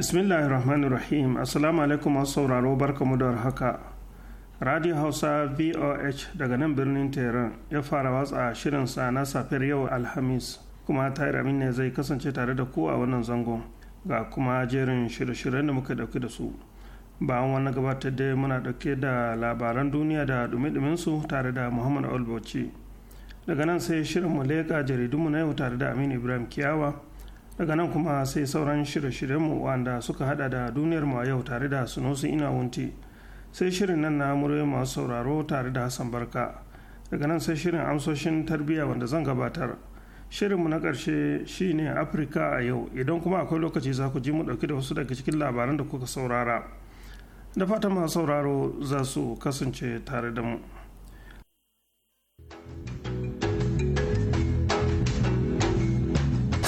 bismillahirrahmanirrahim assalamu alaikum masu sauraro barkamu da haka radio hausa voh daga nan birnin tehran ya fara watsa sa na safiyar yau alhamis kuma tayar amin ne zai kasance tare da ku a wannan zangon ga kuma jerin shirye-shiryen da muka dauki da su bayan wani gabatar da muna dauke da labaran duniya da dumi su tare da muhammad olboci daga nan sai shirin mu leƙa jaridunmu na yau tare da aminu ibrahim kiyawa daga nan kuma sai sauran shirye-shiryenmu wanda suka hada da duniyar mu a yau tare da sunusu ina wunti sai shirin nan na muryoyi masu sauraro tare da hassan barka daga nan sai shirin amsoshin tarbiyya wanda zan gabatar shirinmu na ƙarshe ne afirka a yau idan kuma akwai lokaci za ku ji mu ɗauki da wasu daga cikin labaran da kuka saurara da fatan masu sauraro za su kasance tare da mu.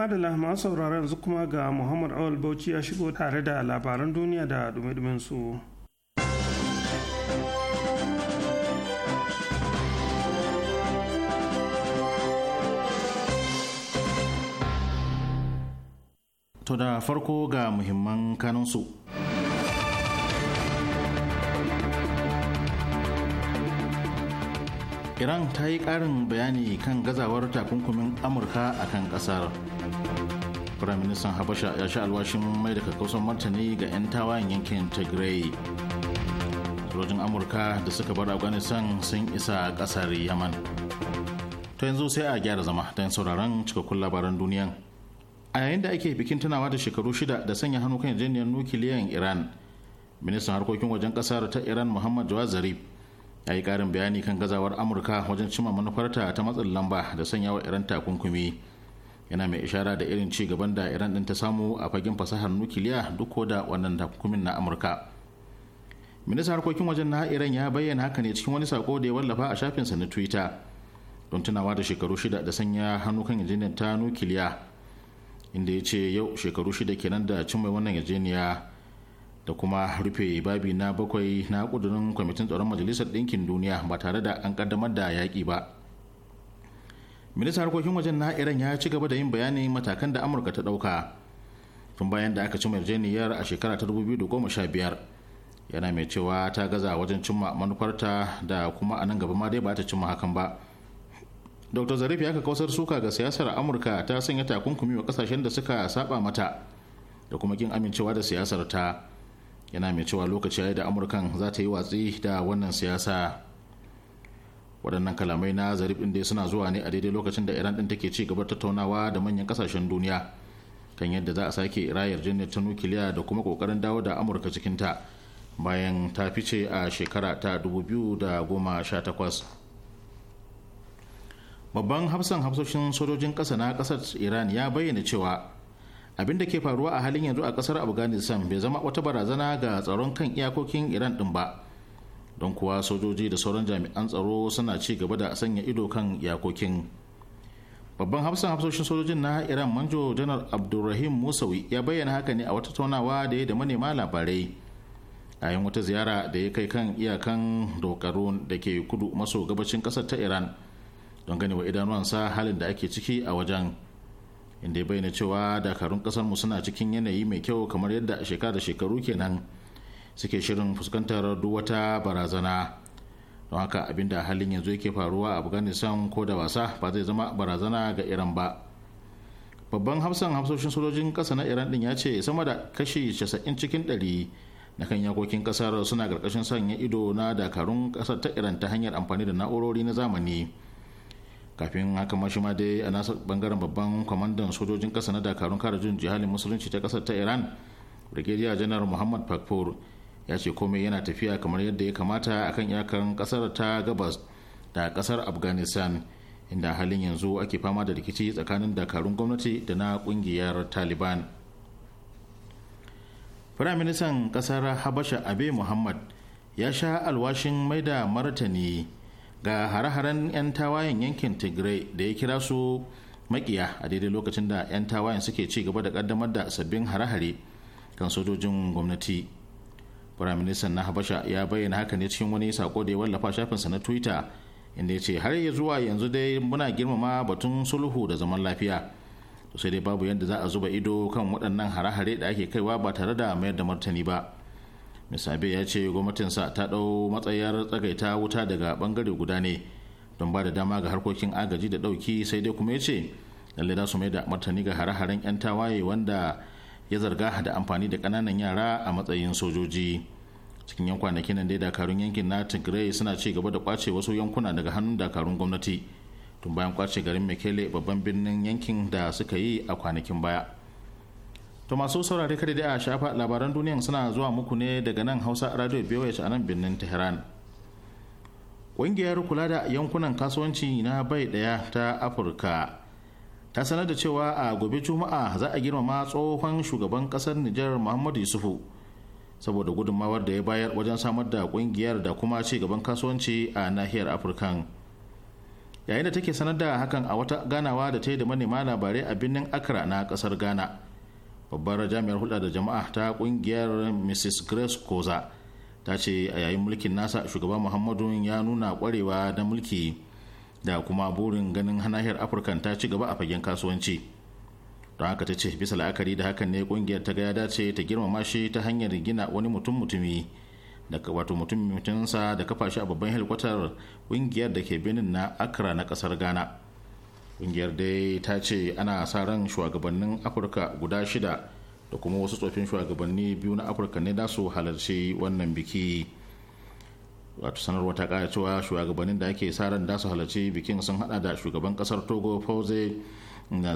madala masu sauraron yanzu kuma ga muhammad awal bauchi ya shigo tare da labaran duniya da dumi su. to da farko ga muhimman kanansu iran ta yi karin bayani kan gazawar takunkumin amurka a kan kasar firaministan habasha ya sha alwashin mai da kakkausan martani ga 'yan tawayen yankin tigray sojojin amurka da suka bar afghanistan sun isa kasar yaman ta yanzu sai a gyara zama don sauraron cikakkun labaran duniyan a yayin da ake bikin tunawa da shekaru shida da sanya hannu kan yarjejeniyar nukiliyan iran ministan harkokin wajen kasar ta iran muhammad jawad zarif ya yi karin bayani kan gazawar amurka wajen cimma manufarta ta matsin lamba da sanya wa iran takunkumi yana mai ishara da irin ci gaban da iran din ta samu a fagen fasahar nukiliya duk da wannan takunkumin na amurka ministan harkokin wajen na iran ya bayyana haka ne cikin wani sako da ya wallafa a shafinsa na twitter don tunawa da shekaru shida da sanya hannu kan yarjejeniyar ta nukiliya inda ya ce yau shekaru shida kenan da cin mai wannan yarjejeniya da kuma rufe babi na bakwai na kudurin kwamitin tsaron majalisar ɗinkin duniya ba tare da an kaddamar da yaƙi ba ministan harkokin wajen na iran ya ci gaba da yin bayanin matakan da amurka ta ɗauka tun bayan da aka cimma yarjeniyar a shekara ta 2015 yana mai cewa ta gaza wajen cimma manufarta da kuma a nan gaba ma dai ba ta cimma hakan ba dr zarif ya kausar suka ga siyasar amurka ta sanya takunkumi wa kasashen da suka saba mata da kuma kin amincewa da siyasar ta yana mai cewa lokaci ya da amurkan za ta yi watsi da wannan siyasa waɗannan kalamai na zarif ɗin dai suna zuwa ne a daidai lokacin da iran ɗin take ci gaba tattaunawa da manyan ƙasashen duniya kan yadda za a sake rayar jini ta nukiliya da kuma kokarin dawo da amurka cikinta bayan ta fice a shekara ta 2018 babban hafsan hafsoshin sojojin ƙasa na ƙasar iran ya bayyana cewa abin da ke faruwa a halin yanzu a ƙasar afghanistan bai zama wata barazana ga tsaron kan iyakokin iran ɗin ba don kuwa sojoji da sauran jami'an tsaro suna ci gaba da sanya ido kan yakokin babban hafsan hafsoshin sojojin na iran manjo janar abdulrahim musawi ya bayyana haka ne a wata taunawa da ya da manema labarai a yin wata ziyara da ya kai kan iyakan dokaru da ke kudu maso gabacin kasar ta iran don ganewa idanuwansa halin da ake ciki a wajen inda ya bayyana cewa dakarun kasar mu suna cikin yanayi mai kyau kamar yadda shekara da shekaru kenan suke shirin fuskantar duk wata barazana don haka abinda halin yanzu yake faruwa a afghanistan ko da wasa ba zai zama barazana ga iran ba babban hafsan hafsoshin sojojin kasa na iran din ya ce sama da kashi 90 cikin 100 na kan yakokin kasar suna karkashin sanya ido na dakarun kasar ta iran ta hanyar amfani da na'urori na zamani kafin haka mashima dai a nasa bangaren babban kwamandan sojojin kasa na dakarun kare jin jihalin musulunci ta kasar ta iran brigadier janar muhammad fakfur ya ce komai yana tafiya kamar yadda ya kamata akan iyakar kasar ta gabas da kasar afghanistan inda halin yanzu ake fama da rikici tsakanin dakarun gwamnati da na kungiyar taliban firaministan kasar habasha abe muhammad ya sha alwashin maida martani ga hare-haren 'yan tawayen yankin tigray da ya kira su makiya a daidai lokacin da 'yan tawayen suke ci gaba da kaddamar da sabbin hare-hare kan sojojin gwamnati firaministan na habasha ya bayyana haka ne cikin wani sako da ya wallafa shafinsa na twitter inda ya ce har ya zuwa yanzu dai muna girmama batun sulhu da zaman lafiya to sai dai babu yadda za a zuba ido kan waɗannan hare-hare da ake kaiwa ba tare da mayar da martani ba misabe ya ce gwamnatinsa ta ɗau matsayar tsagaita wuta daga bangare guda ne don ba da dama ga harkokin agaji da ɗauki sai dai kuma ya ce lallai za su mai da martani ga hare-haren 'yan tawaye wanda ya zarga da amfani da ƙananan yara a matsayin sojoji cikin yan kwanakin nan dai dakarun yankin na tigray suna ci gaba da kwace wasu yankuna daga hannun dakarun gwamnati tun bayan kwace garin mekele babban birnin yankin da suka yi a kwanakin baya to masu saurare kada da a shafa labaran duniyan suna zuwa muku ne daga nan hausa radio biyoyi a nan birnin tehran ƙungiyar kula da yankunan kasuwanci na bai daya ta afirka ta sanar da cewa a gobe juma'a za a girmama tsohon shugaban kasar nijar muhammadu yusufu saboda gudunmawar da ya bayar wajen samar da kungiyar da kuma ci gaban kasuwanci a nahiyar afirka yayin da take sanar da hakan a wata ganawa da ta yi da manema labarai a birnin accra na kasar ghana babbar jami'ar hulɗa da jama'a ta kungiyar mrs grace koza ta ce a yayin mulkin nasa shugaban muhammadu ya nuna kwarewa na mulki da kuma burin ganin hanahiyar afirka ta ci gaba a fagen kasuwanci don haka ta ce bisa la'akari da hakan ne kungiyar ta gaya dace ta girmama shi ta hanyar gina wani mutum mutumi da wato mutum mutunsa da kafa shi a babban helikwatar kungiyar da ke benin na accra na kasar ghana kungiyar dai ta ce ana sa ran shugabannin afirka guda shida da kuma wasu tsofin shugabanni biyu na afirka ne da su halarci wannan biki. wato sanarwa ta kara cewa shugabannin da ake sa ran da su halarci bikin sun hada da shugaban kasar togo fauze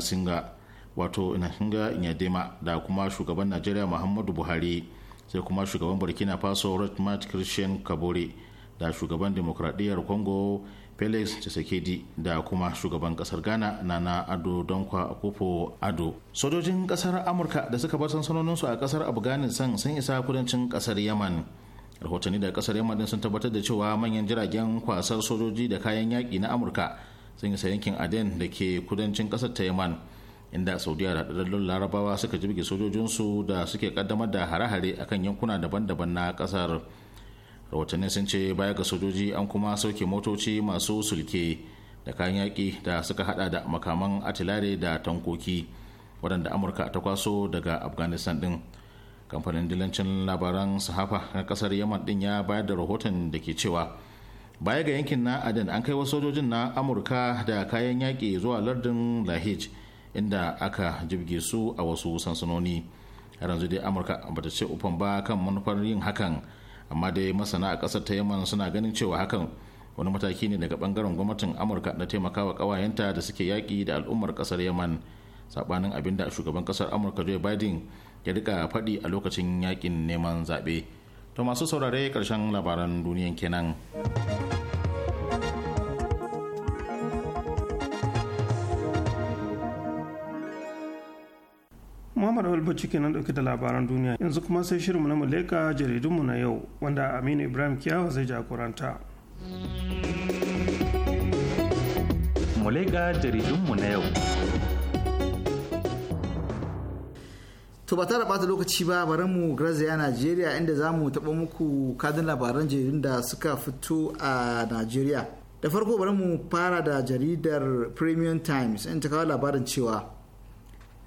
singa wato singa inyadema da kuma shugaban najeriya muhammadu buhari sai kuma shugaban burkina faso rotmat christian kabore da shugaban demokradiyyar congo felix tshisekedi da kuma shugaban kasar ghana na ado donkwa akufo ado sojojin kasar amurka da suka bar sansanoninsu a kasar afghanistan sun isa kudancin kasar yaman rahotanni daga kasar yamma sun tabbatar da cewa manyan jiragen kwasar sojoji da kayan yaƙi na amurka sun isa yankin aden da ke kudancin kasar ta yaman inda saudiya da haɗaɗɗun larabawa suka jirge sojojinsu da suke kaddamar da hare-hare akan yankuna daban-daban na kasar rahotanni sun ce baya ga sojoji an kuma sauke motoci masu sulke da kayan yaƙi da suka hada da makaman atilare da tankoki waɗanda amurka ta kwaso daga afghanistan din. kamfanin dilancin labaran sahafa na kasar yaman din ya bayar da rahoton da ke cewa baya ga yankin na aden an kai wasu sojojin na amurka da kayan yaƙi zuwa lardin lahij inda aka jibge su a wasu sansanoni har yanzu dai amurka bata ce ufan ba kan manufar yin hakan amma dai masana a kasar ta yaman suna ganin cewa hakan wani mataki ne daga bangaren gwamnatin amurka na taimakawa kawayenta da suke yaƙi da al'ummar kasar yaman saɓanin abin da shugaban kasar amurka joe biden ya rika faɗi a lokacin yakin neman zaɓe to masu saurare ƙarshen labaran duniyan kenan Muhammadu Muhammad ke nan ɗauke da labaran duniya yanzu kuma sai shirinmu na Muleka jaridunmu na yau wanda Aminu Ibrahim Kiyawa zai jagoranta. Muleka jaridunmu na yau. to ba tara bata lokaci ba bari mu garzaya najeriya inda za mu taɓa muku kadin labaran jaridun da suka fito a najeriya da farko bari mu fara da jaridar premium times in ta kawo labarin cewa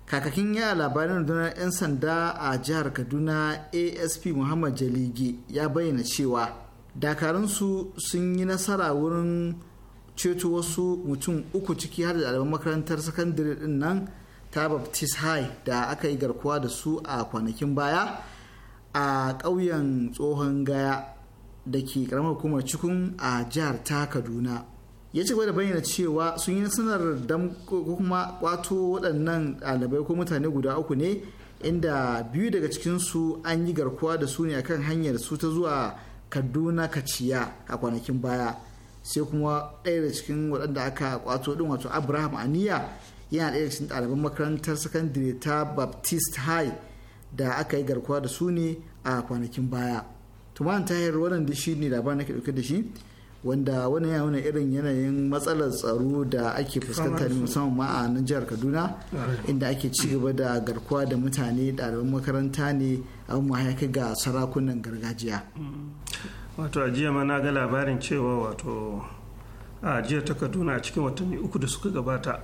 kakakin ya labarin rundunar 'yan sanda a jihar kaduna asp muhammad jaligi ya bayyana cewa dakarunsu sun yi nasara wurin ceto wasu mutum uku ciki har da ɗaliban makarantar sakandare din nan ta baptist high da aka yi garkuwa da su a kwanakin baya a ƙauyen tsohon gaya da ke karamar hukumar cikin a jihar ta kaduna ya ci da bayyana cewa sun yi sanar dam kuma kwato waɗannan ɗalibai ko mutane guda uku ne inda biyu daga cikinsu an yi garkuwa da su ne kan hanyar su ta zuwa kaduna kaciya a kwanakin baya sai kuma ɗaya da cikin waɗanda aka kwato ɗin wato abraham aniya yana ɗaya cikin ɗaliban makarantar sakandare ta baptist high da aka yi garkuwa da su ne a kwanakin baya ta tahir wannan da shi ne labarin ke ɗauke da shi wanda wani ya nuna irin yanayin matsalar tsaro da ake fuskanta ne musamman ma a nan jihar kaduna inda ake ci gaba da garkuwa da mutane ɗaliban makaranta ne a mahaifi ga sarakunan gargajiya wato a jiya mana ga labarin cewa wato a jiya ta kaduna a cikin watanni uku da suka gabata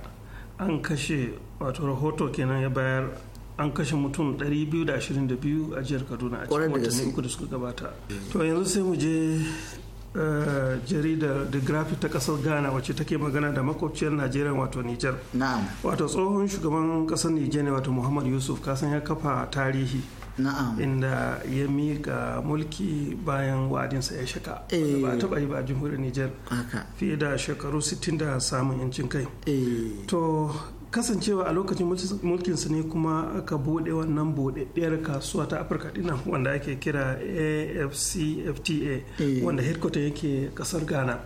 an kashe wato rahoto kenan ya bayar an kashe mutum 222 a jihar kaduna a cikin watanni uku da suka gabata to yanzu sai mu je Eh, jaridar the graphic ta kasar ghana wacce take magana da makwabciyar najeriya wato niger wato tsohon shugaban kasar niger ne wato muhammad yusuf kasan ya kafa tarihi inda ya mika mulki bayan wa'adinsa ya shaka ba eh. taɓa yi ba a niger Nijar fiye da shekaru 60 da samun yancin kai. Eh. To kasancewa a lokacin mulkin ne kuma aka bude wannan buɗaɗɗiyar kasuwa ta afirka dinan wanda ake kira afcfta eh. wanda headquarter yake kasar ghana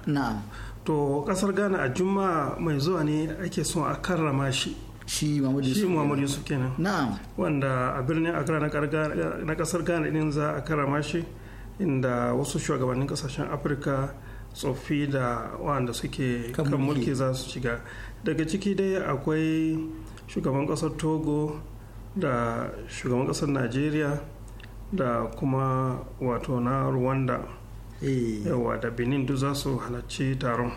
to kasar ghana a juma'a mai zuwa ne ake son a karrama shi shi muhammadu yusuf kenan wanda a birnin accra na kasar ghana din za a karrama shi inda wasu shugabannin kasashen afirka tsoffi da wanda suke kan mulki za su shiga daga ciki dai akwai shugaban kasar togo da shugaban kasar najeriya da kuma wato na rwanda eh. yawa da benin duk za su halarci taron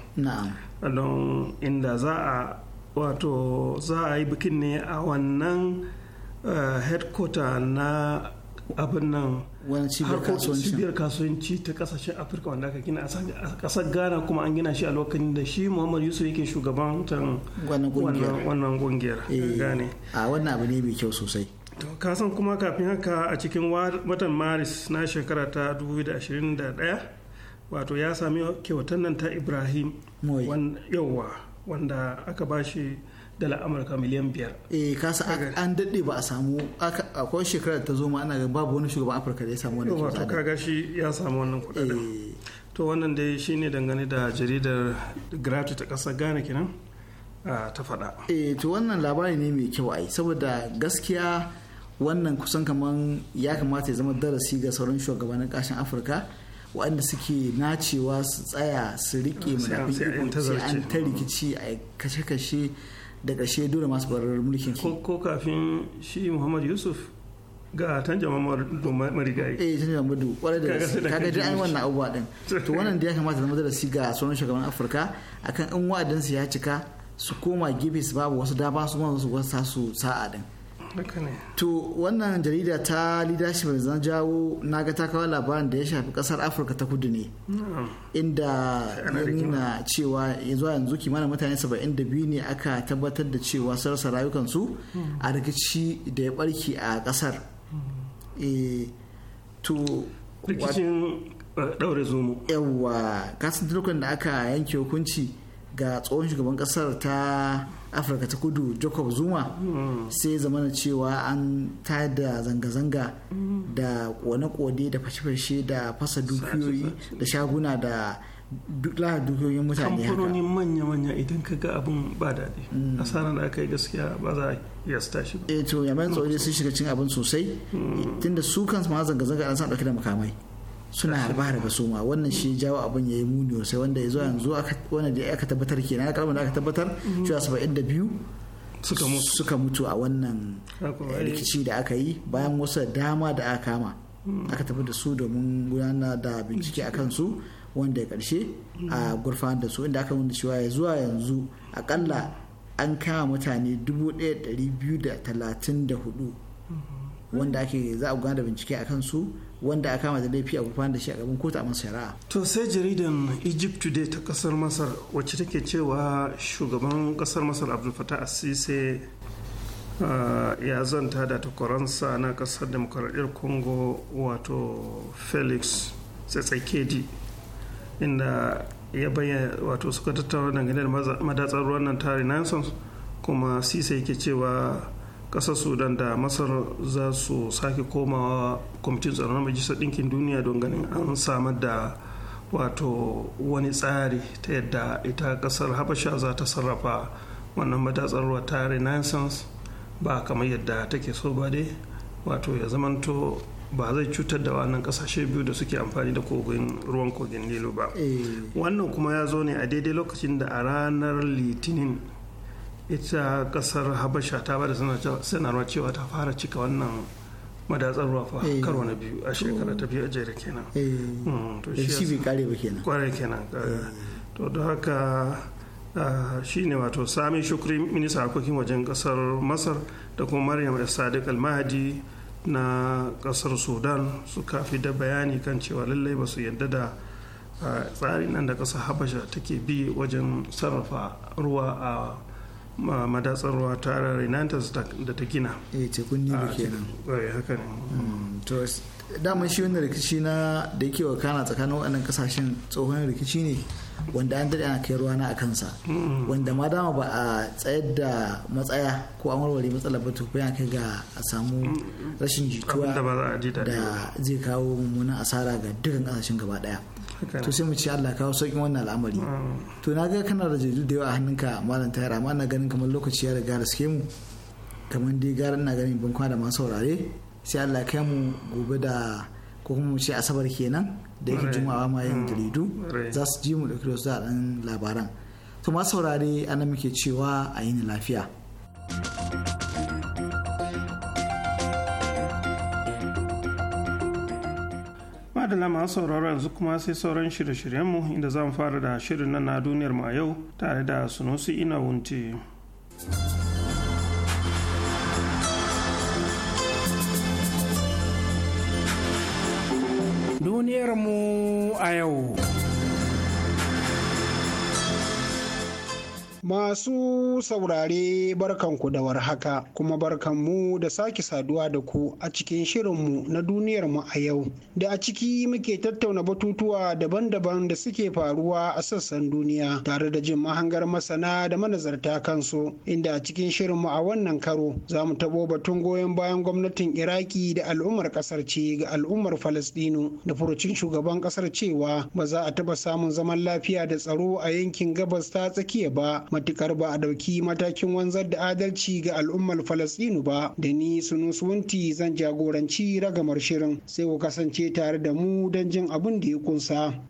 don inda za a wato za a yi bikin ne a wannan eh, headquarter na abin nan cibiyar kasuwanci ta kasashen afirka wanda aka gina a kasar ghana kuma an gina shi a lokacin da shi muhammad yusuf yake shugaban wannan gungiyar eh, gane a wannan abu ne mai kyau sosai to kasan kuma kafin haka a cikin watan maris na shekara ta 2021 wato ya sami kyautar nan ta ibrahim yauwa wanda aka bashi. dala amurka miliyan biyar eh kasa an daɗe ba a samu akwai shekarar da ta zo ma ana ga babu wani shugaban afirka da ya samu wannan ka ga shi ya samu wannan kuɗaɗen eh. to wannan dai shi ne dangane da jaridar gratu ta ƙasar ghana kenan ta faɗa eh to wannan labari ne mai kyau ai saboda gaskiya wannan kusan kaman ya kamata ya zama darasi ga sauran shugabannin kashin afirka waɗanda suke nacewa su tsaya su riƙe mu da an ta rikici a kashe-kashe da ƙarshe dole masu barar mulkin ko kafin shi muhammad yusuf ga jama'a marigayi eh jama'a madu kwarai da gaske kaga dai an wannan abubuwa din to wannan da ya kamata zama darasi ga sauran shugaban afirka akan in wa'adansu ya cika su koma gefe su babu wasu dama su ma su wasa su sa'a din to wannan jarida ta leadership zan jawo na ga ta kawo labarin da ya shafi kasar afirka ta kudu ne inda ya nuna cewa zuwa yanzu kimanin mutane 72 ne aka tabbatar da cewa sarasa rayukansu a hmm. rikici da ya barki a kasar hmm. eh, to rikicin daure eh, da aka yanke hukunci ga tsohon shugaban kasar ta afirka ta kudu jacob zuma sai na cewa an tayar da zanga-zanga da kone-kone da fashe-fashe da fasa dukiyoyi da shaguna da duk dukiyoyin mutane haka kamfanonin manya-manya idan ka ga abin ba daɗi mm. asarar da aka yi gaskiya ba za a iya sta ba. eh to yamai tsoro sun shiga cin abin sosai mm. tunda su kansu ma zanga-zanga an san ɗauke da makamai suna harba harba su ma wannan shi jawo abin ya yi muni sai wanda ya zo yanzu wanda da aka tabbatar ke na kalmar da aka tabbatar shi cewa ba'in da biyu suka mutu a wannan eh, rikici da aka yi bayan wasu dama da aka kama hmm. aka tafi da su domin gudanar da bincike akan su wanda ya karshe a hmm. gurfan da su inda aka wanda cewa ya zuwa yanzu akalla an kama mutane 1234 hmm. wanda ake za a gudanar da bincike a kansu. wanda a kama da laifi a gurfanar da shi a gaban kotu a masu shari'a. To sai jaridan Egypt Today ta kasar Masar wacce take cewa shugaban kasar Masar Abdul Fattah Assise uh, ya zanta da takwaransa na kasar demokaradiyyar Congo wato Felix Tsatsekedi inda ya bayyana wato suka tattauna dangane da madatsar ruwan nan tare Nansen kuma Sise yake cewa kasar sudan da masar za su sake komawa kwamitin tsaron majalisar ɗinkin duniya don ganin an samar da wato wani tsari ta yadda ita kasar habasha za ta sarrafa wannan matatsar ta renaissance ba kamar yadda take so ba dai wato ya zamanto ba zai cutar da wannan kasashe biyu da suke amfani da kogin ruwan kogin nilo ba eh. wannan kuma ya zo ne a daidai lokacin da a ranar litinin ita kasar habasha ta bada sanarwa cewa ta fara cika wannan madatsar ruwa fa eh. karo na biyu a shekara ta biyu a jere kenan eh. hmm, to shi kenan eh. to don haka ah, shine wato sami shukri minista harkokin wajen kasar masar da kuma maryam da sadiq al na kasar sudan suka fi da bayani kan cewa lallai ba su yadda da ah, tsarin nan da kasar habasha take bi wajen sarrafa ruwa a madatsar ruwa ta renantas da ta gina eh tekun nilu ah, kenan eh, haka ne mm, to shi wannan rikici na da yake wa kana tsakanin waɗannan kasashen tsohon rikici ne wanda an daɗe ana kai ruwa na a kansa mm. wanda ma dama ba a tsayar da matsaya ko an warware matsalar ba to yana kai ga a samu mm, rashin jituwa da zai kawo mummunan asara ga dukkan kasashen gaba ɗaya to sai mu ci Allah kawo sauƙin wannan al'amari mm. to na ga kana da jaridu da yawa a hannunka malam tayar amma na ganin kamar lokaci ya riga riske mu kamar dai gara ina ganin ban kwana da masu saurare sai Allah kai mu gobe da ko kuma mu ce asabar kenan da yake juma'a ma yin mm. jaridu za su ji mu da kiro da ɗan labaran to masu saurare ana muke cewa a yi lafiya. thank you adala masu sauraro yanzu kuma sai sauran shirye-shiryenmu inda za mu fara da shirin nan na duniyar mu a yau tare da sunusi ina wunce. duniyar mu a yau Masu saurare barkanku da warhaka kuma barkanmu da sake saduwa da ku a cikin shirinmu na duniyarmu a yau. Da a ciki muke tattauna batutuwa daban-daban da suke faruwa a sassan duniya tare da jin mahangar masana da manazarta kansu inda a cikin shirinmu a wannan karo za mu tabo batun goyon bayan gwamnatin Iraki da al'ummar kasar ce ga al'ummar Falastinu da furucin shugaban kasar cewa ba za a taba samun zaman lafiya da tsaro a yankin gabas ta tsakiya ba matukar ba a ɗauki matakin wanzar da adalci ga al'ummar falastinu ba da ni sunusunti zan jagoranci ragamar shirin sai ku kasance tare da mu don jin abin da ya kunsa.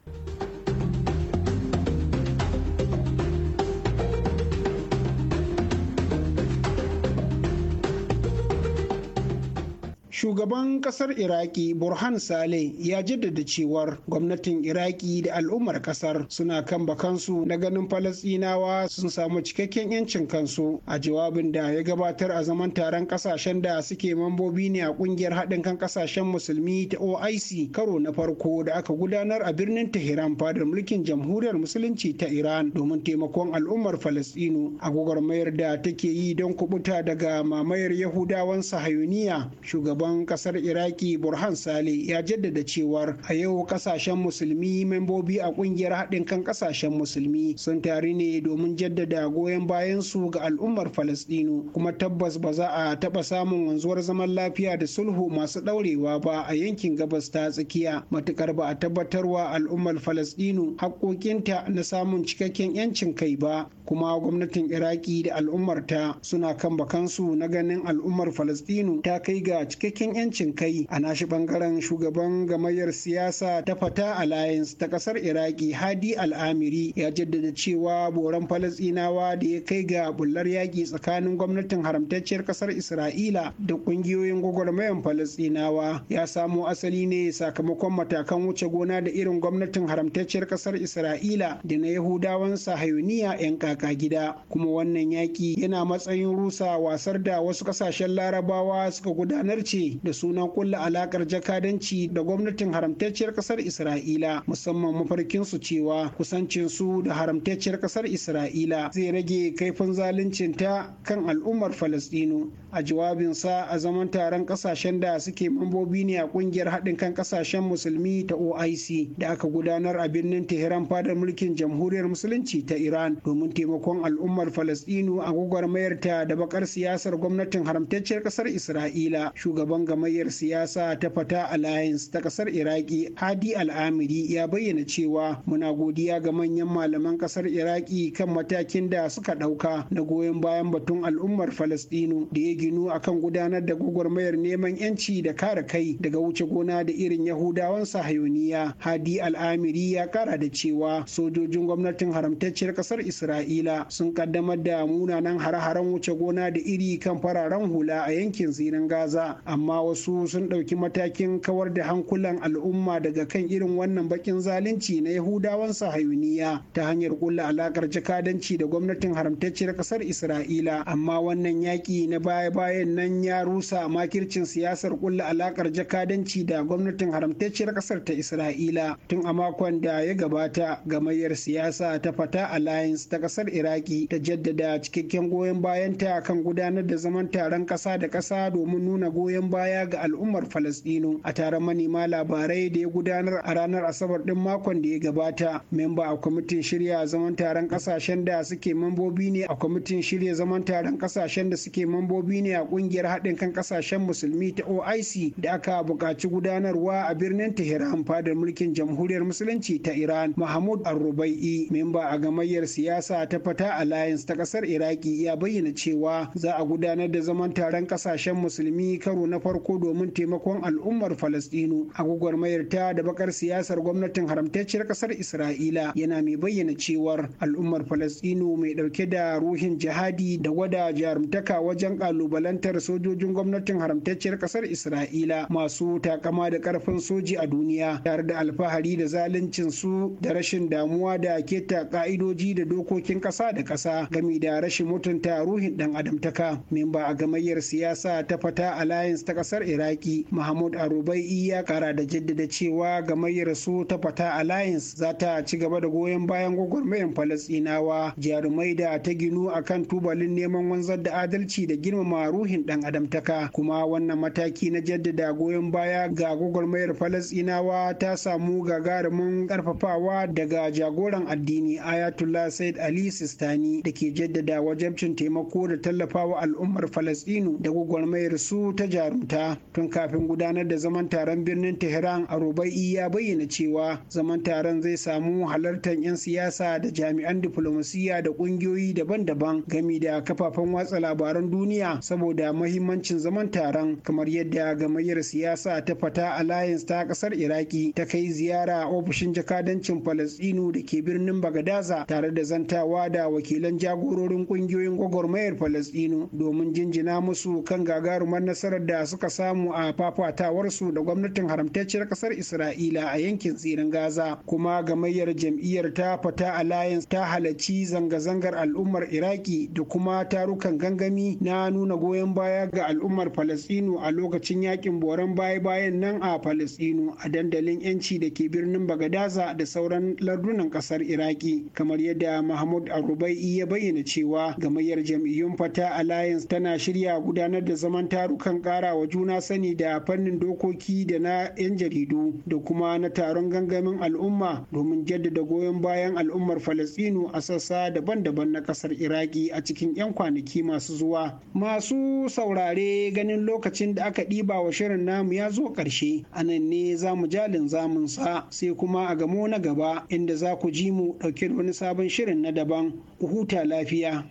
shugaban kasar iraki burhan saleh ya jaddada cewar gwamnatin iraki da al'ummar kasar suna kan bakansu na ganin falasinawa sun samu cikakken yancin kansu a jawabin da ya gabatar a zaman taron kasashen da suke mambobi ne a kungiyar haɗin kan kasashen musulmi ta oic karo na farko da aka gudanar a birnin tehran fadar mulkin jamhuriyar musulunci ta iran domin taimakon al'ummar falasinu a gwagwarmayar da take yi don kubuta daga mamayar yahudawan sahayuniya shugaban shugaban kasar iraki burhan sale ya jaddada cewar a yau kasashen musulmi membobi a kungiyar haɗin kan kasashen musulmi sun tari ne domin jaddada goyon bayansu ga al'ummar falastinu kuma tabbas ba za a taɓa samun wanzuwar zaman lafiya da sulhu masu ɗaurewa ba a yankin gabas ta tsakiya matukar ba a tabbatarwa al'ummar falastinu haƙoƙinta na samun cikakken 'yancin kai ba kuma gwamnatin iraki da al'ummarta suna kan bakansu na ganin al'ummar falastinu ta kai ga cikakken cikin 'yancin kai a nashi bangaren shugaban gamayyar siyasa ta fata alliance ta kasar iraki hadi al'amiri ya jaddada cewa boran falasinawa da ya kai ga bullar yaƙi tsakanin gwamnatin haramtacciyar kasar isra'ila da ƙungiyoyin gwagwarmayan falasinawa ya samo asali ne sakamakon matakan wuce gona da irin gwamnatin haramtacciyar kasar isra'ila da na yahudawan sahayuniya 'yan kaka gida kuma wannan yaƙi yana matsayin rusa wasar da wasu ƙasashen larabawa suka gudanar ce da sunan kulla alakar jakadanci da gwamnatin haramtacciyar kasar isra'ila musamman mafarkinsu su cewa kusancin su da haramtacciyar kasar isra'ila zai rage kaifin zaluncin ta kan al'ummar falastinu a jawabinsa a zaman taron kasashen da suke mambobi ne a kungiyar haɗin kan kasashen musulmi ta oic da aka gudanar a birnin tehran fadar mulkin jamhuriyar musulunci ta iran domin taimakon al'ummar falastinu a gwagwarmayar ta da bakar siyasar gwamnatin haramtacciyar kasar isra'ila shugaban shugaban gamayyar siyasa ta fata alliance ta kasar iraki hadi al'amiri ya bayyana cewa muna godiya ga manyan malaman kasar iraki kan matakin da suka ɗauka na goyon bayan batun al'ummar falastinu da ya ginu akan gudanar da gwagwarmayar neman yanci da kare kai daga wuce gona da irin yahudawan sahayoniya hadi al'amiri ya kara da cewa sojojin gwamnatin haramtacciyar kasar isra'ila sun kaddamar da munanan hare-haren wuce gona da iri kan fararen hula a yankin zirin gaza amma amma wasu sun ɗauki matakin kawar da hankulan al'umma daga kan irin wannan bakin zalunci na yahudawan sahayuniya ta hanyar kulla alakar jakadanci da gwamnatin haramtacciyar ƙasar isra'ila amma wannan yaƙi na baya-bayan nan ya rusa makircin siyasar kulla alakar jakadanci da gwamnatin haramtacciyar ƙasar ta isra'ila tun a makon da ya gabata gamayyar siyasa ta fata alliance ta ƙasar iraki ta jaddada cikakken goyon bayanta kan gudanar da zaman taron ƙasa da ƙasa domin nuna goyon baya ga al'ummar Falasɗinu a taron manema labarai da ya gudanar a ranar Asabar ɗin makon da ya gabata. Memba a kwamitin shirya zaman taron ƙasashen da suke mambobi ne a kwamitin shirya zaman taron kasashen da suke mambobi ne a ƙungiyar haɗin kan ƙasashen musulmi ta OIC da aka buƙaci gudanarwa a birnin Tehran fadar mulkin jamhuriyar musulunci ta Iran Mahmud Arrubai'i memba a gamayyar siyasa ta Fata Alliance ta ƙasar Iraki ya bayyana cewa za a gudanar da zaman taron ƙasashen musulmi karo na farko domin taimakon al'ummar Falasɗinu a gwagwarmayar ta da bakar siyasar gwamnatin haramtacciyar ƙasar Isra'ila yana mai bayyana cewar al'ummar Falasɗinu mai ɗauke da ruhin jihadi da gwada jarumtaka wajen ƙalubalantar sojojin gwamnatin haramtacciyar ƙasar Isra'ila masu takama da ƙarfin soji a duniya tare da alfahari da zaluncin su da rashin damuwa da keta ka'idoji da dokokin ƙasa da ƙasa game da rashin mutunta ruhin ɗan adamtaka. Memba a gamayyar siyasa ta fata Alliance ta kasar iraki mahmud arubai ya kara da jaddada cewa gamayyar su ta fata alliance za ta ci gaba da goyon bayan gwagwarmayar falasinawa jarumai da ta ginu akan tubalin neman wanzar da adalci da girmama ruhin dan adamtaka kuma wannan mataki na jaddada goyon baya ga gwagwarmayar falasinawa ta samu gagarumin karfafawa daga jagoran addini ayatollah said ali sistani da ke jaddada wajabcin taimako da tallafawa al'ummar falasinu da gwagwarmayar su ta jarumai haramta tun kafin gudanar da zaman taron birnin tehran a rubai iya bayyana cewa zaman taron zai samu halartar 'yan siyasa da jami'an diflomasiyya da kungiyoyi daban-daban gami da kafafen watsa labaran duniya saboda mahimmancin zaman taron kamar yadda gamayyar siyasa ta fata alliance ta kasar iraki ta kai ziyara ofishin jakadancin falastinu da ke birnin bagadaza tare da zantawa da wakilan jagororin kungiyoyin gwagwarmayar falastinu domin jinjina musu kan gagarumar nasarar da suka samu a fafatawarsu da gwamnatin haramtacciyar kasar isra'ila a yankin tsirin gaza kuma gamayyar jam'iyyar ta fata alliance ta halarci zanga-zangar al'ummar iraki da kuma tarukan gangami na nuna goyon baya ga al'ummar falastinu a lokacin yakin boran baya-bayan nan a falastinu a dandalin yanci da ke birnin bagadaza da sauran lardunan kasar iraki kamar yadda mahmud arubai ya bayyana cewa gamayyar jam'iyyun fata alliance tana shirya gudanar da zaman tarukan karawa wa juna sani da fannin dokoki da na 'yan jaridu da kuma na taron gangamin al'umma domin jaddada goyon bayan al'ummar falastinu a sassa daban-daban na kasar Iraki a cikin 'yan kwanaki masu zuwa. Masu saurare ganin lokacin da aka ɗiba wa shirin namu ya zo ƙarshe, a nan ne za mu jalin zamunsa sai kuma a gamo na gaba inda za ku ji mu ɗauke da wani sabon shirin na daban. Ku huta lafiya.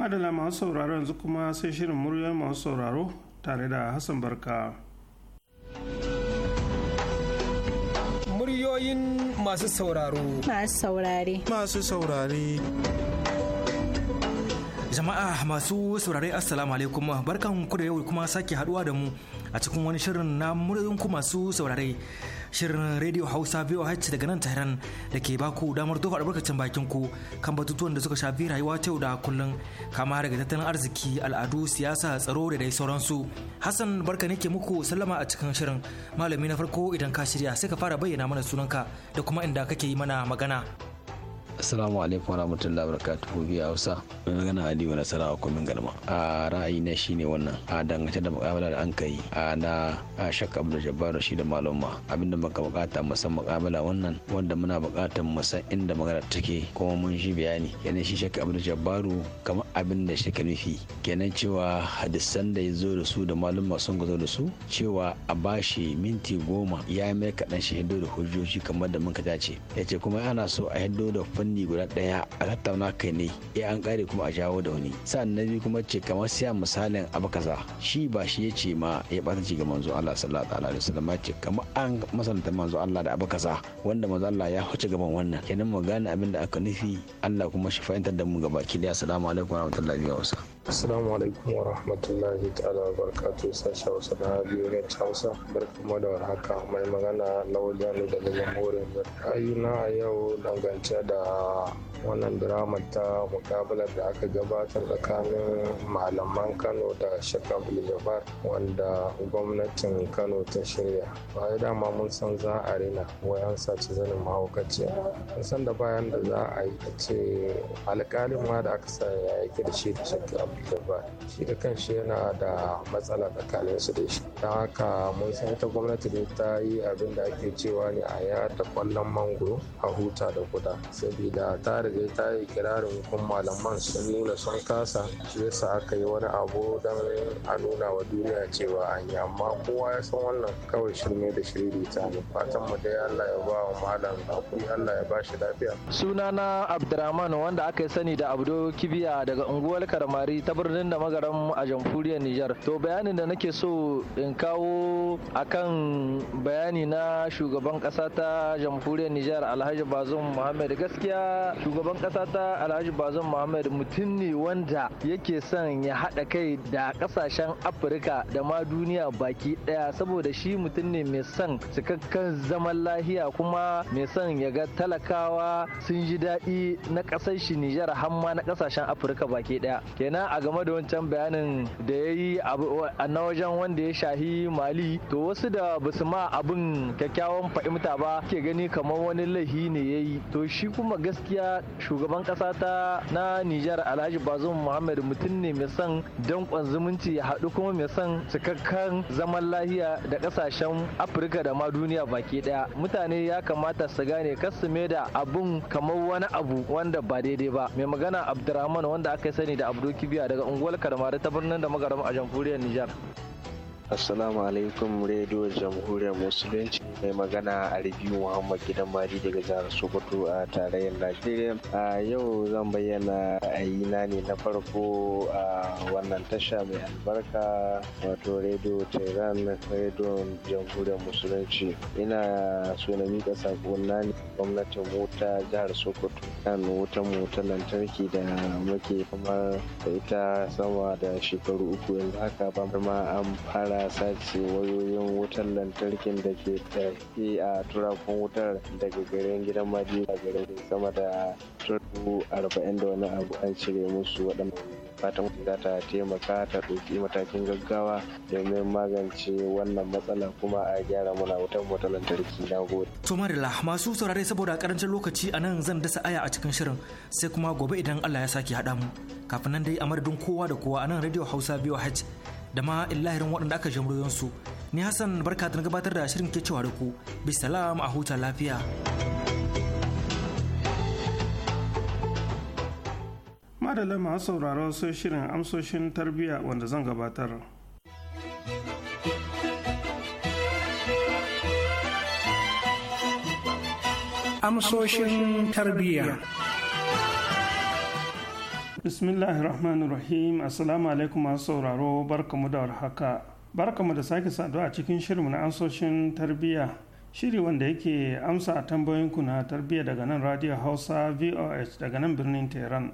madala masu sauraro yanzu kuma sai shirin muryoyin masu sauraro tare da hassan barka muryoyin masu sauraro masu saurare masu saurare Jama'a masu saurare Assalamu alaikum barkan ku da yau kuma sake haduwa da mu a cikin wani shirin na muryoyin ku masu saurare shirin Radio Hausa VOH daga nan Tehran da ke baku damar tofa albarkacin bakin ku kan batutuwan da suka shafi rayuwa ta yau da kullun kama daga tattalin arziki al'adu siyasa tsaro da dai sauransu. Hassan barka nake muku sallama a cikin shirin malami na farko idan ka shirya sai ka fara bayyana mana sunanka da kuma inda kake yi mana magana. Assalamu alaikum warahmatullahi wabarakatuh biya Hausa. Mai magana wa Nasara a kumin galma. A ra'ayi na shine wannan a dangance da mukamala da an kai a na shakka Abdul Jabbar shi da malama abinda muka bukata mu san mukamala wannan wanda muna bukatan mu san inda magana take kuma mun shi bayani kenan shi shakka Abdul Jabbar kamar abin da shi nufi kenan cewa hadisan da ya zo da su da malama sun gazo da su cewa a bashi minti goma ya mai kaɗan shahido da hujjoji kamar da muka dace ya ce kuma ana so a hiddo da fanni fanni guda ɗaya a tattauna kai ne ya eh, an kare kuma a jawo da wani sa'an na biyu kuma ce kamar siya misalin abu kaza shi ba shi ya ce ma ya ɓatanci ga manzo Allah sallallahu alaihi wasallam ce kamar an masalanta manzo Allah da abu kaza wanda manzo Allah ya huce gaban wannan kenan mu gane abin da aka nufi Allah kuma shi fahimtar da mu gaba ki da assalamu alaikum wa barakatuh Assalamu alaikum wa rahmatullahi ta'ala wa barakatu sashen wasu na biyu ne Hausa barkamu da warhaka mai magana lauliya ne daga jamhuriyar ra'ayina a yau dangance da wannan drama ta mukabalar da aka gabatar tsakanin malaman Kano da Shaka Bulgabar wanda gwamnatin Kano ta shirya. Baya dama mun san za a rina wayan sace zanin mahaukaciya. Mun san da bayan da za a yi ce alƙalin ma da aka sa ya yi da da ba shi da kanshi yana da matsala tsakanin su da shi don haka mun san ta gwamnati ne ta yi abin da ake cewa ne a ya da kwallon mangoro a huta da kuda saboda ta riga ta yi kirarin kun malaman sun nuna sun kasa shi yasa aka yi wani abu don a nuna wa duniya cewa an yi amma kowa ya san wannan kawai shirme da shirme ta ne fatan mu dai Allah ya ba wa malam hakuri Allah ya ba shi lafiya sunana Abdurrahman wanda aka sani da Abdo Kibiya daga unguwar Karmari ta birnin da magaran a jamhuriyar Nijar. To bayanin da nake so in kawo akan bayani na shugaban kasa ta jamhuriyar Nijar Alhaji Bazum Muhammad gaskiya shugaban kasa ta Alhaji Bazum Muhammad mutum ne wanda yake son ya haɗa kai da ƙasashen Afirka da ma duniya baki ɗaya saboda shi mutum ne mai son cikakken zaman lahiya kuma mai son ya ga talakawa sun ji daɗi na ƙasar Nijar har ma na ƙasashen Afirka baki ɗaya. Kenan a game da wancan bayanin da ya yi na wajen wanda ya shahi mali to wasu da basu ma abin kyakkyawan fahimta ba ke gani kamar wani laihi ne ya yi to shi kuma gaskiya shugaban kasa ta na nijar alhaji bazum muhammad mutum ne mai son dankon zumunci ya haɗu kuma mai son cikakken zaman lahiya da kasashen afirka da ma duniya baki daya. mutane ya kamata su gane kasu mai da abin kamar wani abu wanda ba daidai ba mai magana abdurrahman wanda aka sani da abdul kibiya daga unguwar Karmari ta birnin da magaram a jamhuriyar Nijar. Assalamu alaikum rediyo Jamhuriyar Musulunci mai magana a Rabiu Muhammad Gidan Mari daga jihar Sokoto a tarayyar Najeriya. A yau zan bayyana ayina ne na farko a wannan tasha mai albarka wato Radio Tehran Radio Jamhuriyar Musulunci. Ina so na mika sakonna ne gwamnatin mota jihar Sokoto kan wutan mota lantarki da muke kuma da ita sama da shekaru uku yanzu haka ba ma an fara sace wayoyin wutar lantarkin da ke ɗauke a turafin wutar daga garin gidan maji a garin sama da turafu arba'in da wani abu an cire musu waɗanda fatan za ta taimaka ta ɗauki matakin gaggawa domin magance wannan matsala kuma a gyara muna wutar wutar lantarki na gode. to marila masu saurare saboda karancin lokaci a nan zan dasa aya a cikin shirin sai kuma gobe idan allah ya sake haɗa mu kafin nan dai a madadin kowa da kowa a nan radio hausa biyu hajj da ma illahirin waɗanda aka jamuriyar su ni hassan barka da gabatar da shirin ke cewa da ku bisalam a huta lafiya madalla ma sauraro sai shirin amsoshin tarbiyya wanda zan gabatar amsoshin tarbiyya Bismillahirrahmanirrahim. assalamu alaikum masu sauraro barkamu da warhaka barkamu da sake saduwa a cikin shirin na ansoshin tarbiyya shiri wanda yake amsa a tambayoyinku na tarbiyya daga nan radio hausa voh daga nan birnin tehran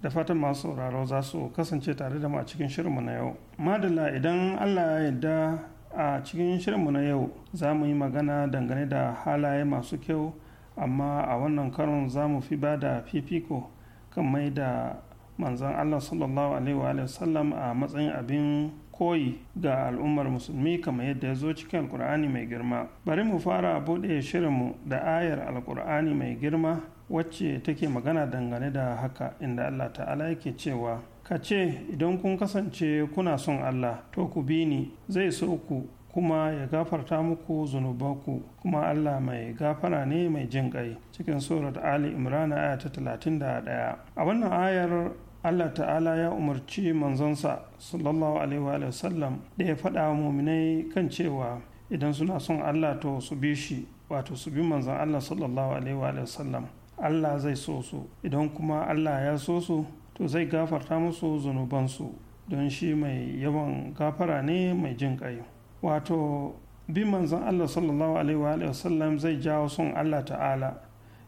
da fatan masu sauraro za su kasance tare da mu a cikin shirinmu na yau madalla idan allah ya yarda a cikin shirinmu na yau za mu yi magana dangane da halaye masu kyau amma a wannan karon za mu fi ba da fifiko kan mai da manzon allah sallallahu alaihi wa sallam a matsayin abin koyi ga al'ummar musulmi kamar yadda ya zo cikin alkur'ani mai girma bari mu fara buɗe shirinmu da ayar alkur'ani mai girma wacce take magana dangane da haka inda allah ta'ala yake cewa ka ce idan kun kasance kuna son allah to ku bi ni zai so ku kuma ya gafarta muku zunubanku kuma Allah mai gafara ne mai jin ƙai cikin surat Ali Imran aya ta 31 a wannan ayar allah ta'ala ya umarci manzonsa sallallahu alaihi wa sallam da ya faɗa wa muminai kan cewa idan suna son allah to su bi shi wato su bi manzon allah sallallahu alaihi wa sallam allah zai so su idan kuma allah ya so su to zai gafarta musu zunubansu don shi mai yawan gafara ne mai jin ƙai wato bin manzon Allah sallallahu alaihi wa sallam zai jawo son Allah ta'ala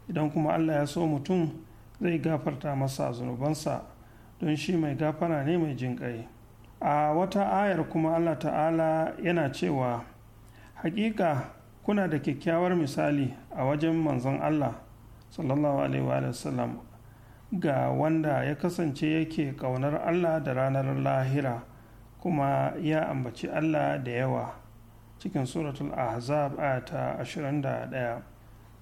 idan kuma Allah ya so mutum zai gafarta masa zunubansa don shi mai gafara ne mai jin ƙai a wata ayar kuma allah ta'ala yana cewa hakika kuna da kyakkyawar misali a wajen manzon allah sallallahu alaihi wa ga wanda ya kasance yake ƙaunar allah da ranar lahira kuma ya ambaci allah da yawa cikin suratul ahzab ta 21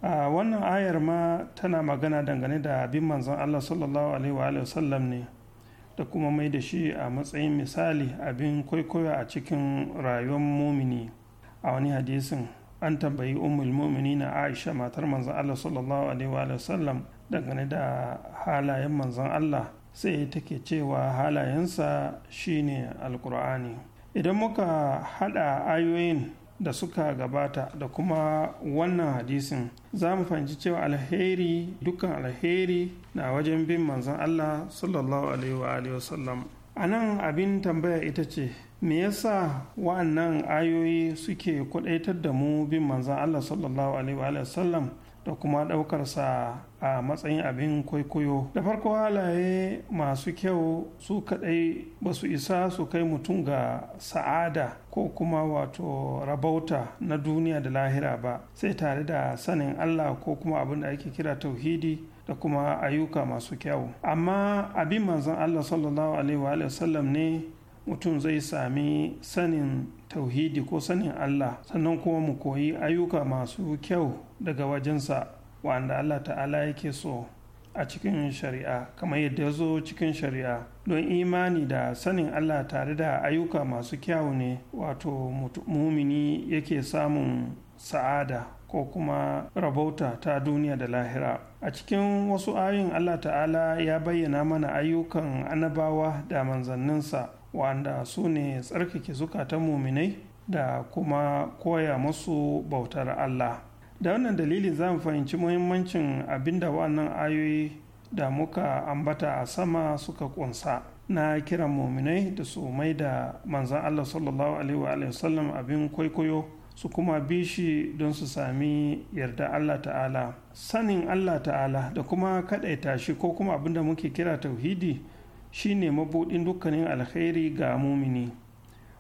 a wannan ayar ma tana magana dangane da bin manzon allah sallallahu alaihi wa sallam ne da kuma mai da shi a matsayin misali abin kwaikwayo a cikin rayuwar mumini a wani hadisin an tambayi umul mumini na aisha matar manzan allah sallallahu alaihi wa sallam dangane da halayen manzan allah sai take cewa halayensa shine alkur'ani idan muka hada ayoyin da suka gabata da kuma wannan hadisin za mu fahimci cewa alheri dukkan alheri na wajen bin manzon Allah sallallahu alaihi wa sallam a nan abin tambaya ita ce me yasa wa'annan ayoyi suke kudaitar da mu bin manzon Allah sallallahu alaihi wa wasallam da kuma ɗaukarsa a matsayin abin kwaikwayo da farko halaye masu kyau su kaɗai ba su isa su kai mutum ga sa'ada ko kuma wato rabauta na duniya da lahira ba sai tare da sanin allah ko kuma abin da ake kira tauhidi da kuma ayyuka masu kyau. amma abin manzon Allah sallallahu alaihi wa sallam ne mutum zai sami sanin tauhidi ko sanin Allah sannan kuma mu koyi ayyuka masu kyau daga wajensa wanda Allah ta'ala yake so a cikin shari'a kamar yadda ya zo cikin shari'a don imani da sanin Allah tare da ayyuka masu kyau ne wato mumini yake samun sa'ada ko kuma rabauta ta duniya da lahira a cikin wasu ayin allah ta'ala ya bayyana mana ayyukan annabawa da manzanninsa wanda su ne tsarkake zukata muminai da kuma koya musu bautar allah da wannan dalili za mu fahimci muhimmancin abinda wannan ayoyi da muka ambata a sama suka kunsa na kiran muminai da su mai da manzan allah sallallahu alaihi wa sallam abin kwaikwayo su kuma bi shi don su sami yarda Allah ta'ala sanin Allah ta'ala da kuma kaɗaita shi ko kuma abin da muke kira tauhidi shine mabuɗin dukkanin alkhairi ga mumini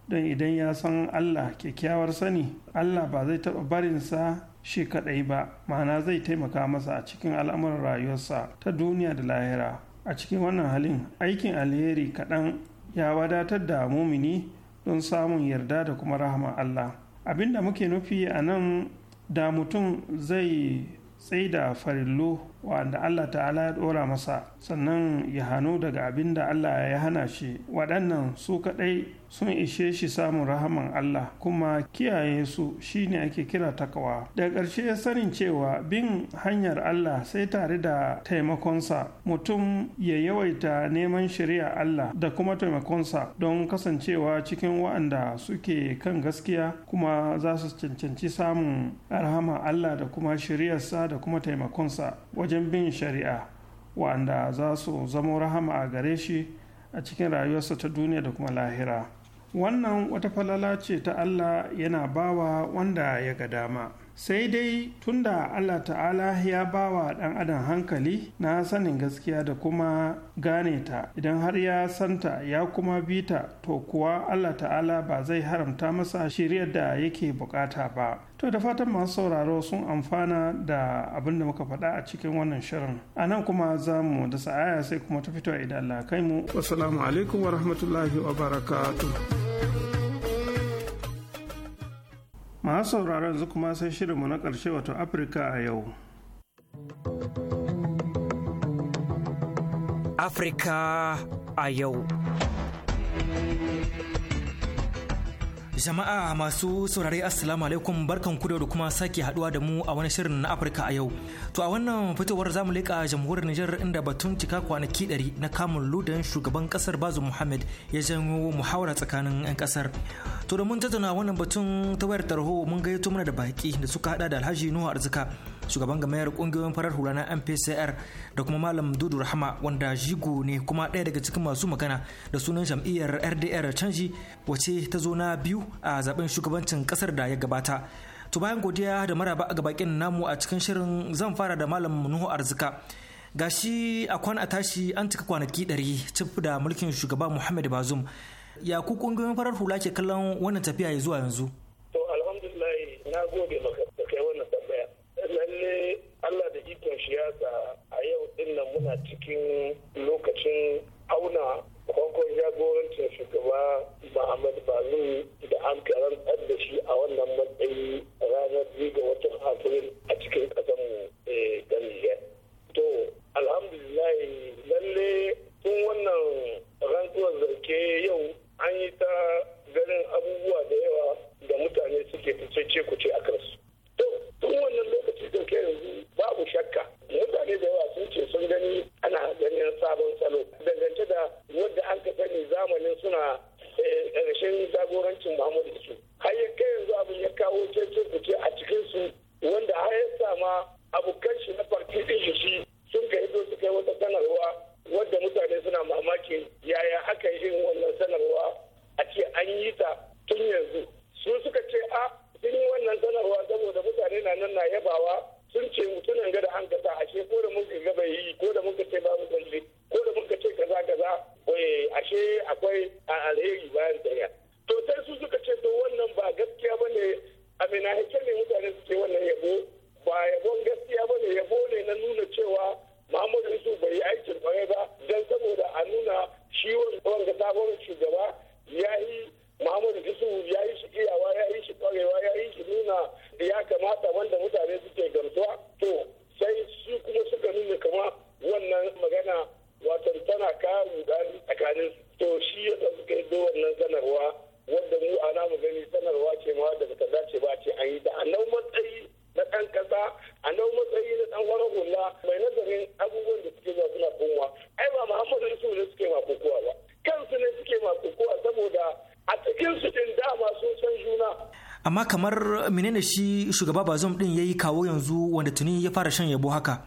don idan ya san Allah kyakkyawar sani Allah ba zai taɓa barinsa shi kaɗai ba ma'ana zai taimaka masa a cikin al'amuran rayuwarsa ta duniya da lahira a cikin wannan halin aikin alheri kaɗan ya wadatar da mumini don samun yarda da kuma rahama Allah abinda muke nufi a nan da mutum zai tsaida farillo wanda Allah ta'ala ya ɗora masa sannan ya hannu daga abin da Allah ya hana shi waɗannan su kaɗai sun ishe shi samun rahaman Allah kuma kiyaye su shine ake kira takawa Da ƙarshe ya sanin cewa bin hanyar Allah sai tare da taimakonsa mutum ya yawaita neman shari'a Allah da kuma taimakonsa don kasancewa cikin wa'anda suke kan gaskiya kuma za su cancanci samun rahama Allah da kuma shari'arsa da kuma taimakonsa wajen bin shari'a wa'anda za su zamo rahama a gare shi a cikin rayuwarsa ta duniya da kuma lahira wannan wata falala ce ta allah yana bawa wanda ya ga dama sai dai tunda allah ta'ala ya ba wa ɗan adam hankali na sanin gaskiya da kuma gane ta idan har ya santa ya kuma bi ta to kuwa allah ta'ala ba zai haramta masa shirya da yake bukata ba to da fatan masu sauraro sun amfana da abin da muka faɗa a cikin wannan shirin a nan kuma za mu da sa'aya sai kuma ta fito idan allah kai mu wasu alaikum wa rahmatullahi wa barakatuh masu sauraron yanzu kuma sai shirinmu na ƙarshe wato afirka a yau afirka a yau Jama'a masu saurare Assalamu alaikum barkan ku da kuma sake haduwa da mu a wani shirin na Afirka a yau. To a wannan fitowar za mu leƙa jamhuriyar Nijar inda batun cika kwanaki ɗari na kamun ludan shugaban kasar bazu Muhammad ya janyo muhawara tsakanin 'yan kasar. To da mun tattauna wannan batun ta wayar tarho mun gayyato mana da baki da suka hada da Alhaji Nuhu Arzika shugaban gamayar kungiyoyin farar hula na mpcr da kuma malam dudu rahama wanda jigo ne kuma ɗaya daga cikin masu magana da sunan jam'iyyar rdr canji wace ta zo na biyu a zaben shugabancin kasar da ya gabata to bayan godiya da maraba ga bakin namu a cikin shirin zan fara da malam nuhu arzika gashi a kwana tashi an cika kwanaki ɗari cif da mulkin shugaba muhammad bazum ya ku kungiyoyin farar hula ke kallon wannan tafiya ya zuwa yanzu na gode ma suna cikin lokacin auna kwankwan jagorancin shugaba Muhammad Bazoum da an karantar da shi a wannan menene shi shugaba bazum din yayi kawo yanzu wanda tuni ya fara shan yabo haka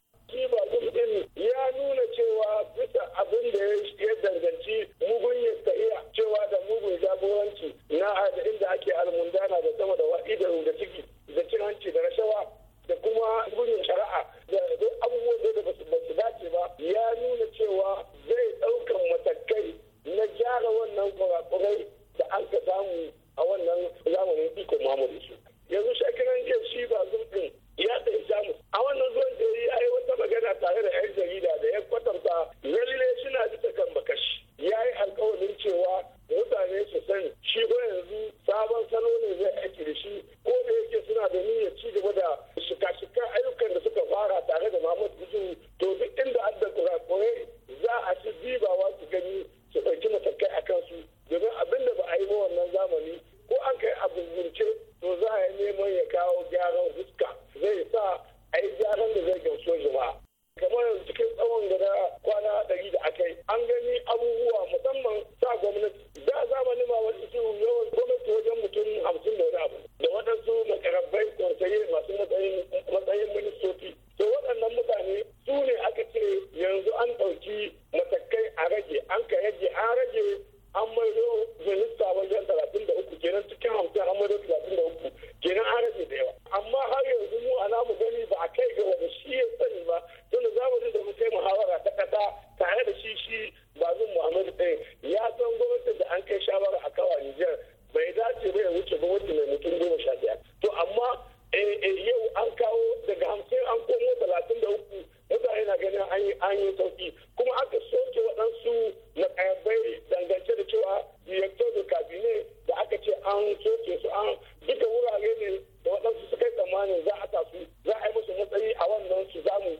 tsammanin za a sa su za a yi musu matsayi a wannan su zamu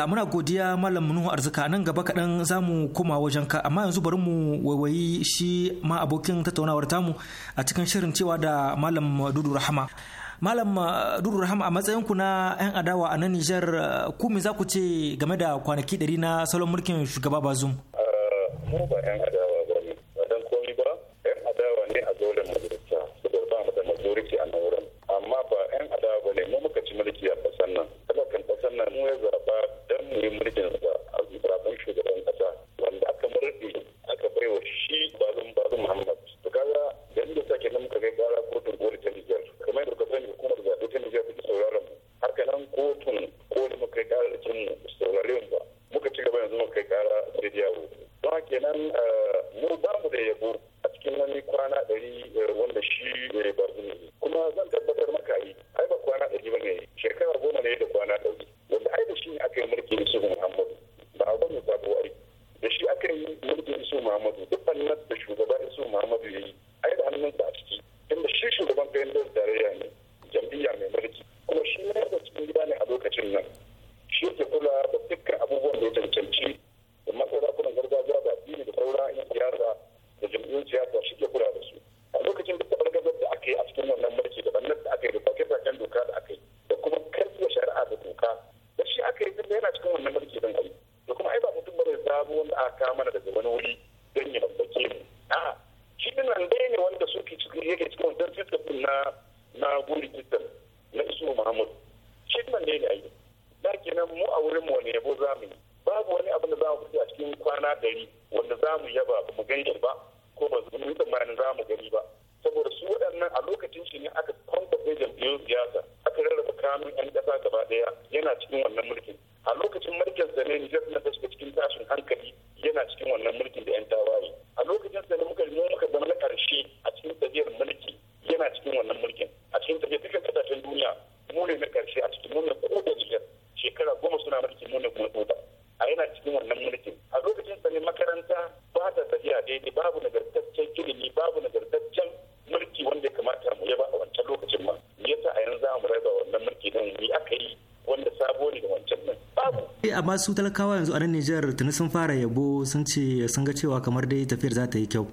Allah muna godiya malam nuhu arzika nan gaba kaɗan zamu koma wajen ka amma yanzu bari mu waiwayi shi ma abokin tattaunawar tamu a cikin shirin cewa da malam dudu rahama malam dudu rahama a matsayin ku na yan adawa a nan nijar ku me za ku ce game da kwanaki ɗari na salon mulkin shugaba bazum eh, mu ba yan amma su talakawa yanzu a nan Nijar tuni sun fara yabo sun ce sun ga cewa kamar dai tafiyar za ta yi kyau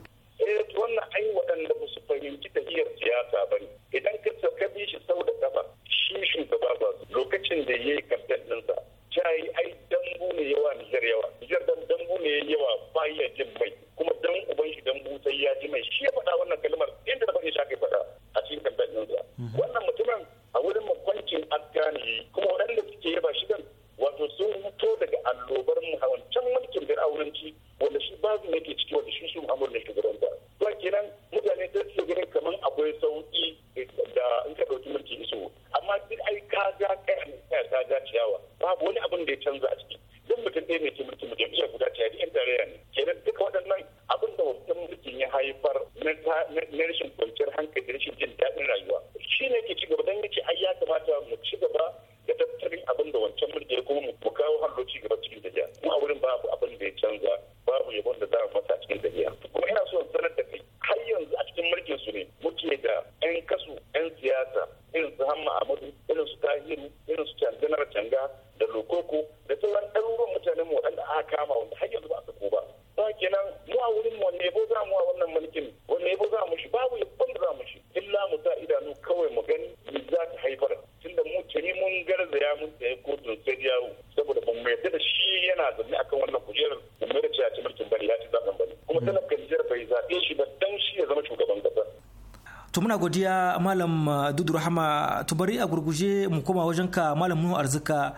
godiya malam eh, dudurahama tubari a gurguje mu koma wajen ka malam nuhu arzika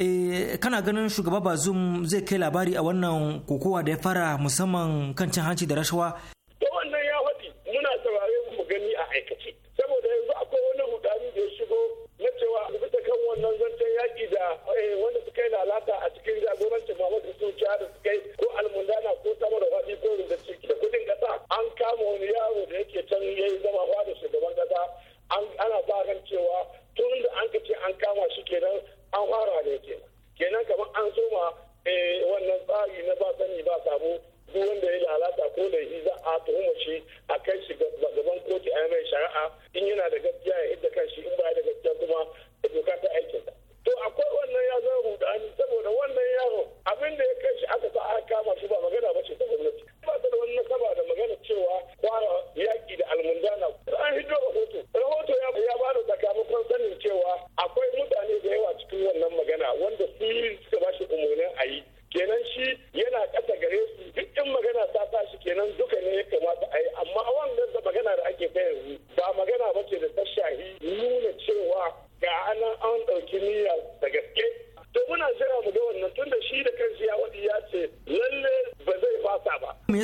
e, kana ganin shugaba bazum zai kai labari a wannan kokowa da ya fara musamman kan cin hanci da rashawa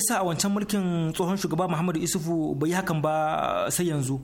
yasa a wancan mulkin tsohon shugaba Muhammadu Isufu bai hakan ba sai yanzu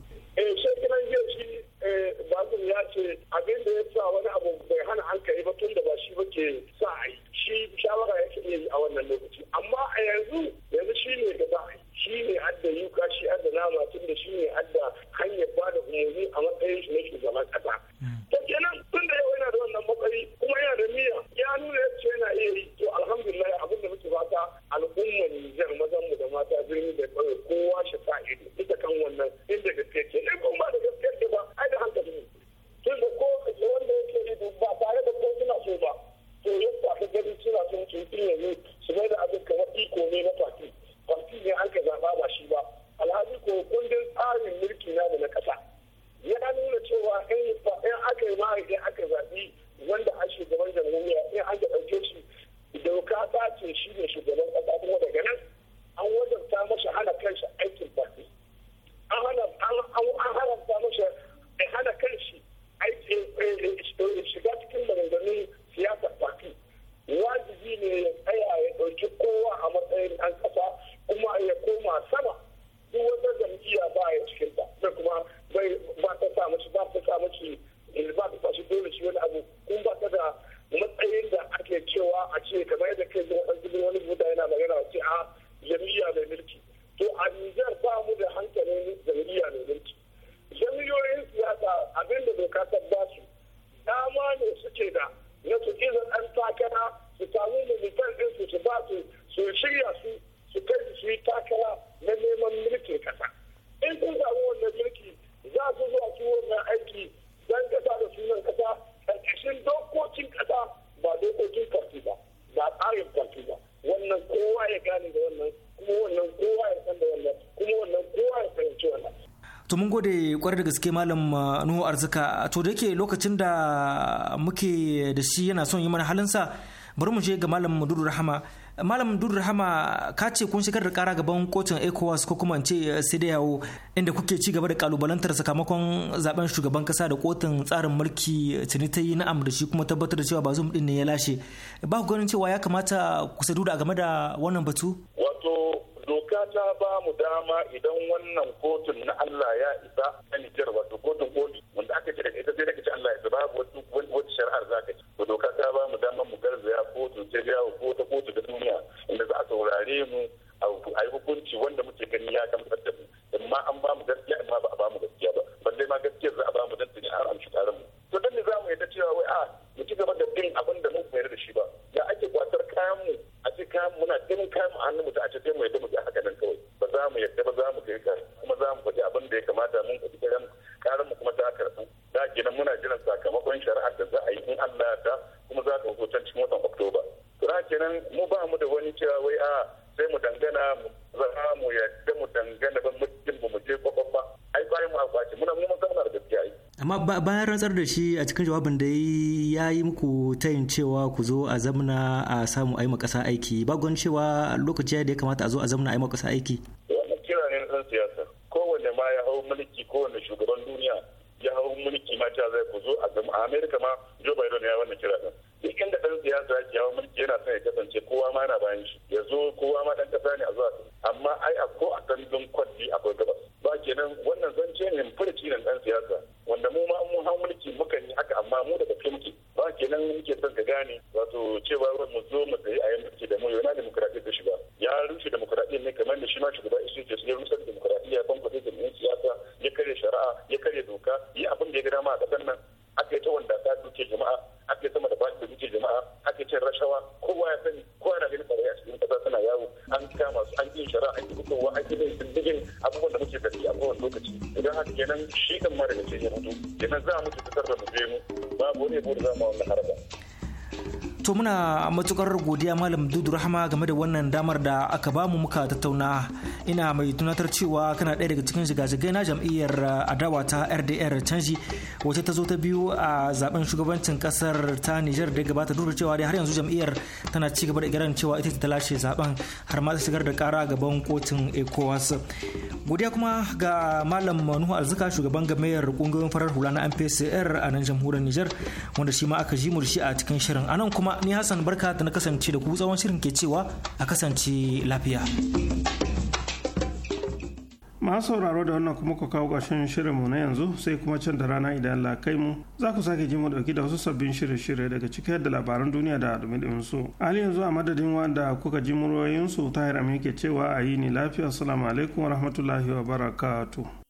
da gaske malam uh, nuhu arzika to da yake lokacin da muke da shi yana son yi mana halinsa bari mu je ga malam dudu rahama malam dudu rahama ka ce kun shigar da kara gaban kotun ecowas ko kuma ce uh, sai da yawo inda kuke ci gaba da kalubalantar sakamakon zaben shugaban kasa da kotun tsarin mulki yi na da shi kuma tabbatar da cewa ba zum din ne ya lashe ba ku ganin cewa ya kamata ku sadu da game da wannan batu wato doka ta ba mu dama idan wannan kotun na Allah ya isa duk rantsar da shi a cikin jawabin da ya yi muku tayin cewa ku zo a zamna a samu aima ƙasa aiki bagon cewa lokaci da ya kamata a zo a zamna a aima ƙasa aiki matukar godiya malam dudu rahama game da wannan damar da aka ba mu muka tattauna ina mai tunatar cewa kana ɗaya daga cikin shiga-shigai na jam'iyyar uh, adawa ta rdr canji wacce ta zo ta biyu a zaben shugabancin kasar ta nijar da gabata duk cewa dai har yanzu jam'iyyar tana ci gaba da kiran cewa ita ta lashe zaben har ma ta shigar da kara gaban kotun ecowas godiya kuma ga malam manuhu alzuka shugaban gamayar kungiyoyin farar hula na mpcr a nan jamhuriyar nijar wanda shi ma aka ji murshi a cikin shirin anan kuma ni hasan barka ta na kasance da ku tsawon shirin ke cewa a kasance lafiya. masu sauraro da wannan kuma ku kawo ƙarshen shirinmu na yanzu sai kuma can da rana idan Allah kai mu za ku sake ji mu dauki da wasu sabbin shirye-shirye daga cike da labaran duniya da adumin ɗin su hali yanzu a madadin wanda kuka ji muryoyin ta tahir ke cewa a yi ni lafiya assalamu alaikum wa rahmatullahi wa barakatu.